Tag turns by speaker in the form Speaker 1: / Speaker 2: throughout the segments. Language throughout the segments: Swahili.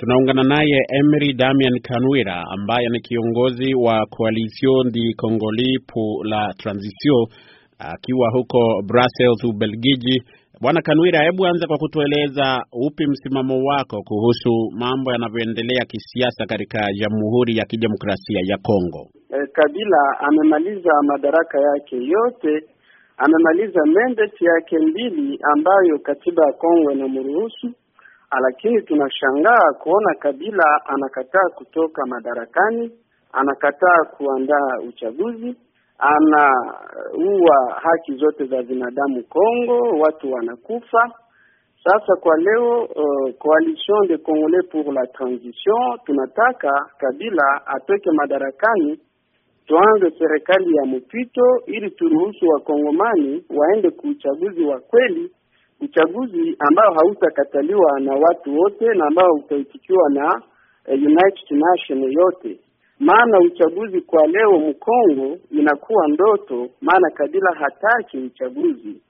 Speaker 1: Tunaungana naye Emery Damian Kanwira ambaye ni kiongozi wa Coalition de Congolais pour la Transition akiwa huko Brussels, Ubelgiji. Bwana Kanwira, hebu anza kwa kutueleza upi msimamo wako kuhusu mambo yanavyoendelea kisiasa katika Jamhuri ya Kidemokrasia ya Kongo?
Speaker 2: E, Kabila amemaliza madaraka yake yote, amemaliza mandate yake mbili ambayo katiba ya Kongo inamruhusu lakini tunashangaa kuona Kabila anakataa kutoka madarakani, anakataa kuandaa uchaguzi, anaua haki zote za binadamu Kongo, watu wanakufa. Sasa kwa leo uh, Coalition de Congolais pour la Transition tunataka Kabila atoke madarakani, tuanze serikali ya mpito ili turuhusu wakongomani waende kuuchaguzi wa kweli uchaguzi ambao hautakataliwa na watu wote na ambao utaitikiwa na uh, United Nation yote, maana uchaguzi kwa leo mkongo inakuwa ndoto, maana Kabila hataki uchaguzi,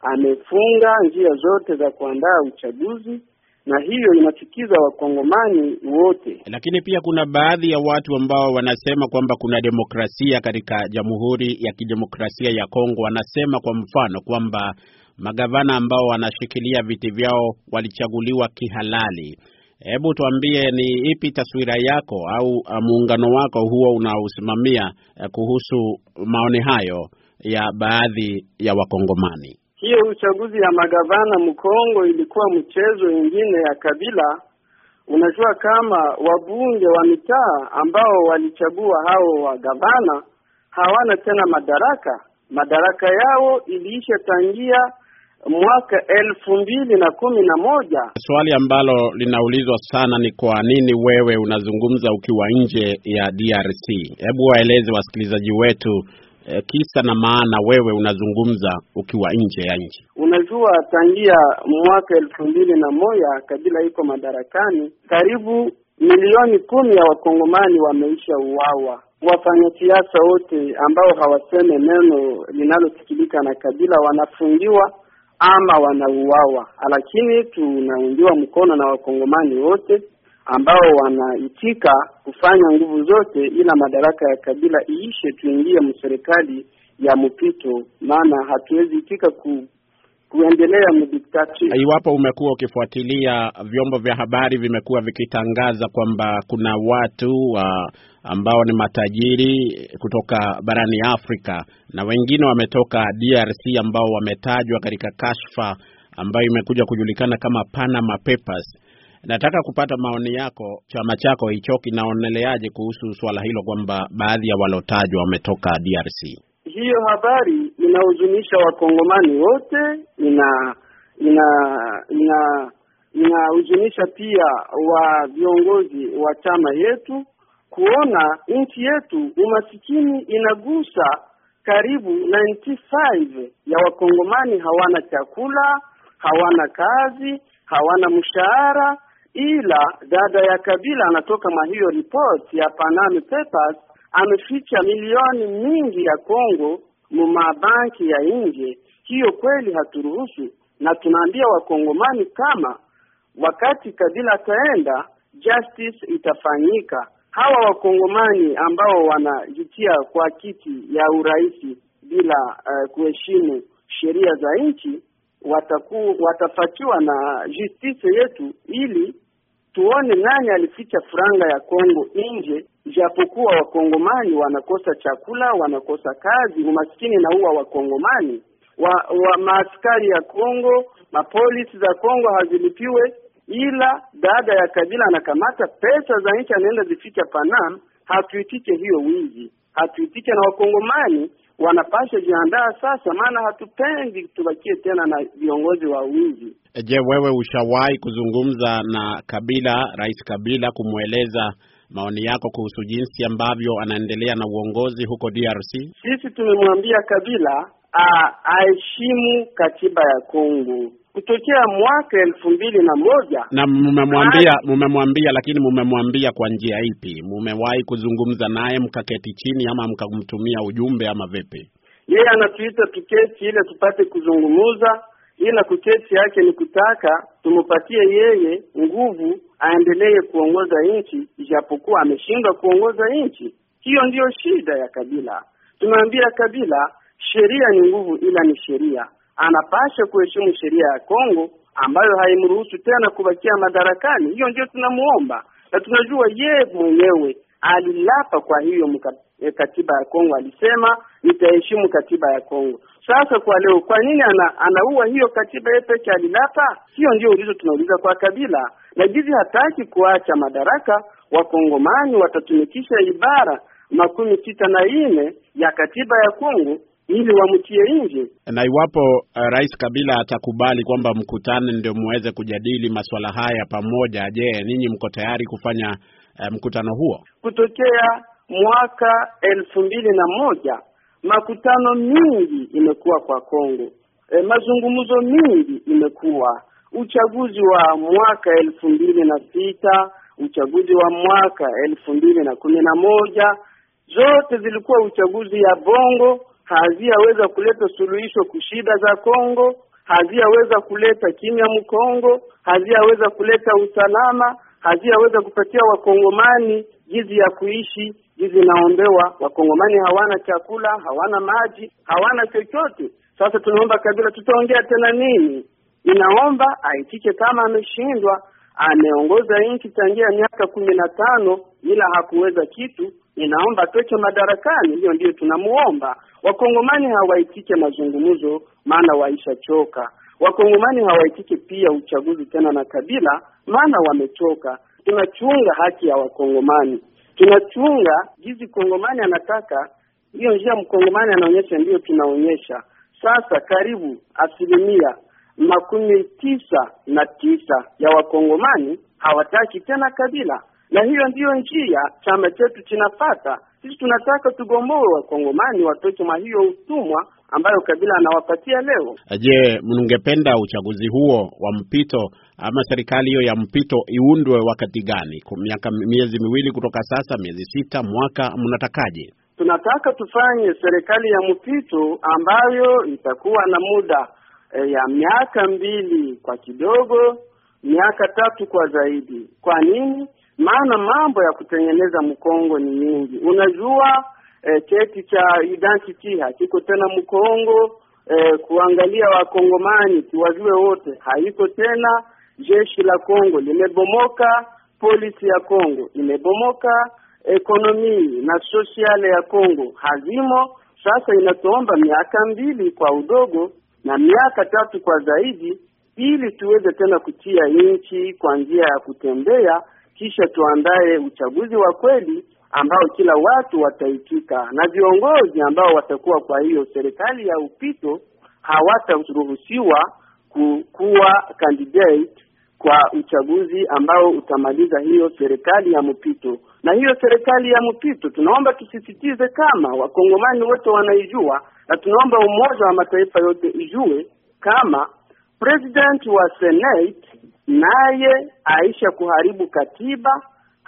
Speaker 2: amefunga njia zote za kuandaa uchaguzi na hiyo inachukiza wakongomani wote.
Speaker 1: Lakini pia kuna baadhi ya watu ambao wanasema kwamba kuna demokrasia katika Jamhuri ya Kidemokrasia ya Kongo. Wanasema kwa mfano kwamba magavana ambao wanashikilia viti vyao walichaguliwa kihalali. Hebu tuambie, ni ipi taswira yako au uh, muungano wako huo unaosimamia uh, kuhusu maoni hayo ya baadhi ya Wakongomani?
Speaker 2: Hiyo uchaguzi ya magavana mkongo ilikuwa mchezo wengine ya kabila. Unajua kama wabunge wa mitaa ambao walichagua hao wagavana hawana tena madaraka. Madaraka yao iliisha tangia mwaka elfu mbili na kumi na moja.
Speaker 1: Swali ambalo linaulizwa sana ni kwa nini wewe unazungumza ukiwa nje ya DRC? Hebu waeleze wasikilizaji wetu eh, kisa na maana wewe unazungumza ukiwa nje ya nchi.
Speaker 2: Unajua, tangia mwaka elfu mbili na moja kabila iko madarakani, karibu milioni kumi ya wakongomani wameisha uawa wafanyasiasa wote ambao hawaseme neno linalosikilika na kabila wanafungiwa ama wanauawa, lakini tunaungiwa mkono na wakongomani wote ambao wanaitika kufanya nguvu zote ila madaraka ya Kabila iishe, tuingie mserikali ya mpito, maana hatuwezi itika ku kuendelea mdiktati.
Speaker 1: Iwapo umekuwa ukifuatilia, vyombo vya habari vimekuwa vikitangaza kwamba kuna watu wa ambao ni matajiri kutoka barani Afrika na wengine wametoka DRC ambao wametajwa katika kashfa ambayo imekuja kujulikana kama Panama Papers. Nataka kupata maoni yako, chama chako hicho kinaoneleaje kuhusu swala hilo kwamba baadhi ya walotajwa wametoka DRC?
Speaker 2: hiyo habari inahuzunisha wakongomani wote, ina ina ina inahuzunisha pia wa viongozi wa chama yetu kuona nchi yetu umasikini inagusa karibu 95 ya wakongomani hawana chakula, hawana kazi, hawana mshahara. Ila dada ya Kabila anatoka mwa hiyo ripoti ya Panama Papers ameficha milioni mingi ya Kongo mu mabanki ya nje. Hiyo kweli haturuhusu, na tunaambia wakongomani kama wakati Kabila ataenda justice itafanyika. Hawa wakongomani ambao wanajitia kwa kiti ya urais bila uh, kuheshimu sheria za nchi wataku watafatiwa na justice yetu, ili tuone nani alificha franga ya Kongo nje japokuwa wakongomani wanakosa chakula, wanakosa kazi, umaskini na huwa wakongomani wa, wa maaskari ya Kongo, mapolisi za Kongo hazilipiwe, ila dada ya Kabila anakamata pesa za nchi anaenda zifika Panam. Hatuitike hiyo wizi, hatuitike na wakongomani wanapasha jiandaa sasa, maana hatupendi tubakie tena na viongozi wa wizi.
Speaker 1: Je, wewe ushawahi kuzungumza na Kabila, Rais Kabila, kumweleza maoni yako kuhusu jinsi ambavyo anaendelea na uongozi huko DRC.
Speaker 2: Sisi tumemwambia Kabila aheshimu katiba ya Kongo kutokea mwaka elfu mbili na moja
Speaker 1: na mmemwambia mmemwambia, lakini mmemwambia kwa njia ipi? Mmewahi kuzungumza naye mkaketi chini ama mkamtumia ujumbe ama vipi?
Speaker 2: Yeye anatuita tuketi ile tupate kuzungumza ila kuketi yake ni kutaka tumupatie yeye nguvu aendelee kuongoza nchi, ijapokuwa ameshindwa kuongoza nchi. Hiyo ndiyo shida ya Kabila. Tunaambia Kabila sheria ni nguvu, ila ni sheria, anapasha kuheshimu sheria ya Kongo ambayo haimruhusu tena kubakia madarakani. Hiyo ndio tunamuomba, na tunajua yeye mwenyewe alilapa kwa hiyo e, katiba ya Kongo. Alisema nitaheshimu katiba ya Kongo. Sasa kwa leo, kwa nini ana, anaua hiyo katiba yeye peke alilapa? Hiyo ndio ulizo tunauliza kwa Kabila, na jizi hataki kuacha madaraka. Wakongomani watatumikisha ibara makumi sita na nne ya katiba ya Kongo ili wamtie nje.
Speaker 1: Na iwapo uh, Rais Kabila atakubali kwamba mkutane ndio muweze kujadili masuala haya pamoja, je, ninyi mko tayari kufanya uh, mkutano huo?
Speaker 2: Kutokea mwaka elfu mbili na moja makutano mingi imekuwa kwa Kongo, e, mazungumzo mingi imekuwa uchaguzi wa mwaka elfu mbili na sita uchaguzi wa mwaka elfu mbili na kumi na moja zote zilikuwa uchaguzi ya bongo, haziyaweza kuleta suluhisho kushida za Kongo, haziyaweza kuleta kimya mkongo, haziyaweza kuleta usalama, haziyaweza kupatia wakongomani jizi ya kuishi Hizi naombewa wakongomani hawana chakula, hawana maji, hawana chochote. Sasa tunaomba Kabila, tutaongea tena nini? Inaomba aitike kama ameshindwa. Ameongoza nchi tangia miaka kumi na tano ila hakuweza kitu. inaomba atoke madarakani, hiyo ndiyo tunamuomba. Wakongomani hawaitike mazungumzo, maana waishachoka. Wakongomani hawaitike pia uchaguzi tena na Kabila, maana wamechoka. Tunachunga haki ya Wakongomani tunachunga jinsi Kongomani anataka hiyo njia mkongomani anaonyesha ndiyo tunaonyesha. Sasa karibu asilimia makumi tisa na tisa ya wakongomani hawataki tena kabila, na hiyo ndiyo njia chama chetu kinafata. Sisi tunataka tugomboe wakongomani watoke mwa hiyo utumwa ambayo Kabila anawapatia leo.
Speaker 1: Je, mngependa uchaguzi huo wa mpito ama serikali hiyo ya mpito iundwe wakati gani? Miaka miezi miwili kutoka sasa, miezi sita, mwaka, mnatakaje?
Speaker 2: Tunataka tufanye serikali ya mpito ambayo itakuwa na muda e, ya miaka mbili kwa kidogo, miaka tatu kwa zaidi. Kwa nini? Maana mambo ya kutengeneza mkongo ni nyingi, unajua e, cheti cha identity hakiko tena mkongo e, eh, kuangalia wakongomani tuwajue wote haiko tena. Jeshi la Kongo limebomoka, polisi ya Kongo imebomoka, ekonomi na sosiale ya Kongo hazimo. Sasa inatuomba miaka mbili kwa udogo na miaka tatu kwa zaidi, ili tuweze tena kutia nchi kwa njia ya kutembea, kisha tuandaye uchaguzi wa kweli ambao kila watu wataitika na viongozi ambao watakuwa. Kwa hiyo serikali ya upito hawataruhusiwa kuwa candidate kwa uchaguzi ambao utamaliza hiyo serikali ya mpito. Na hiyo serikali ya mpito, tunaomba tusisitize kama wakongomani wote wanaijua, na tunaomba Umoja wa Mataifa yote ijue kama president wa Senate naye aisha kuharibu katiba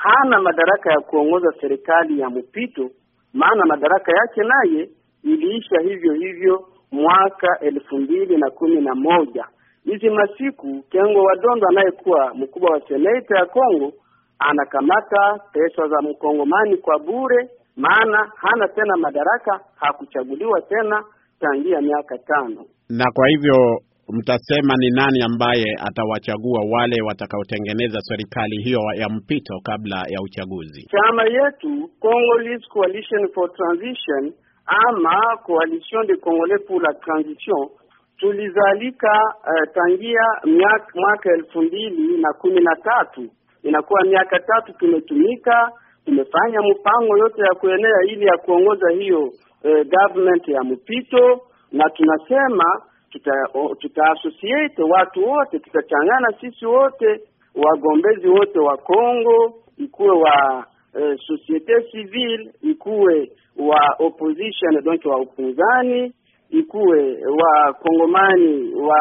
Speaker 2: hana madaraka ya kuongoza serikali ya mpito, maana madaraka yake naye iliisha hivyo hivyo mwaka elfu mbili na kumi na moja. Hizi masiku Kengo Wadondo anayekuwa mkubwa wa seneta ya Kongo anakamata pesa za mkongomani kwa bure, maana hana tena madaraka, hakuchaguliwa tena tangia miaka tano.
Speaker 1: Na kwa hivyo mtasema ni nani ambaye atawachagua wale watakaotengeneza serikali hiyo ya mpito kabla ya uchaguzi.
Speaker 2: Chama yetu Congolese Coalition for Transition ama Coalition de Congolais pour la Transition tulizalika uh, eh, tangia mwaka elfu mbili na kumi na tatu. Inakuwa miaka tatu tumetumika, tumefanya mpango yote ya kuenea ili ya kuongoza hiyo uh, government ya mpito, na tunasema tutaassociate tuta watu wote, tutachangana sisi wote, wagombezi wote wa Kongo, ikuwe wa eh, societe civile, ikuwe wa opposition donc wa upinzani, ikuwe wa kongomani wa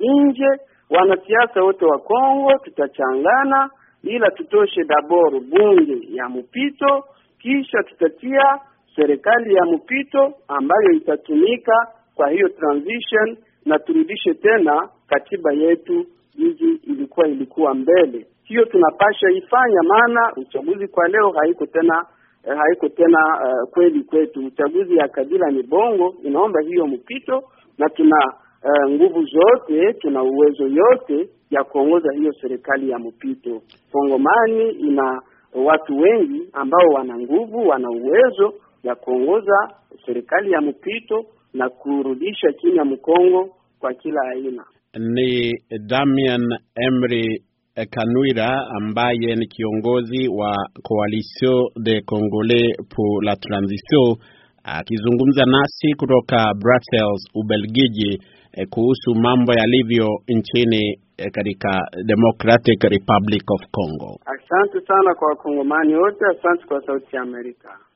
Speaker 2: nje, wanasiasa wote wa Kongo tutachangana, ila tutoshe dabor bunge ya mpito, kisha tutatia serikali ya mpito ambayo itatumika kwa hiyo transition na turudishe tena katiba yetu hizi ilikuwa ilikuwa mbele. Hiyo tunapasha ifanya, maana uchaguzi kwa leo haiko tena eh, haiko tena uh, kweli kwetu. Uchaguzi ya kabila ni bongo, inaomba hiyo mpito, na tuna uh, nguvu zote, tuna uwezo yote ya kuongoza hiyo serikali ya mpito. Kongomani ina watu wengi ambao wana nguvu, wana uwezo ya kuongoza serikali ya mpito na kurudisha chini ya mkongo kwa kila aina.
Speaker 1: Ni Damian Emery Kanwira ambaye ni kiongozi wa Coalition de Congolais pour la Transition akizungumza nasi kutoka Brussels, Ubelgiji eh, kuhusu mambo yalivyo nchini eh, katika Democratic Republic of Congo.
Speaker 2: Asante sana kwa wakongomani wote, asante kwa Sauti ya Amerika.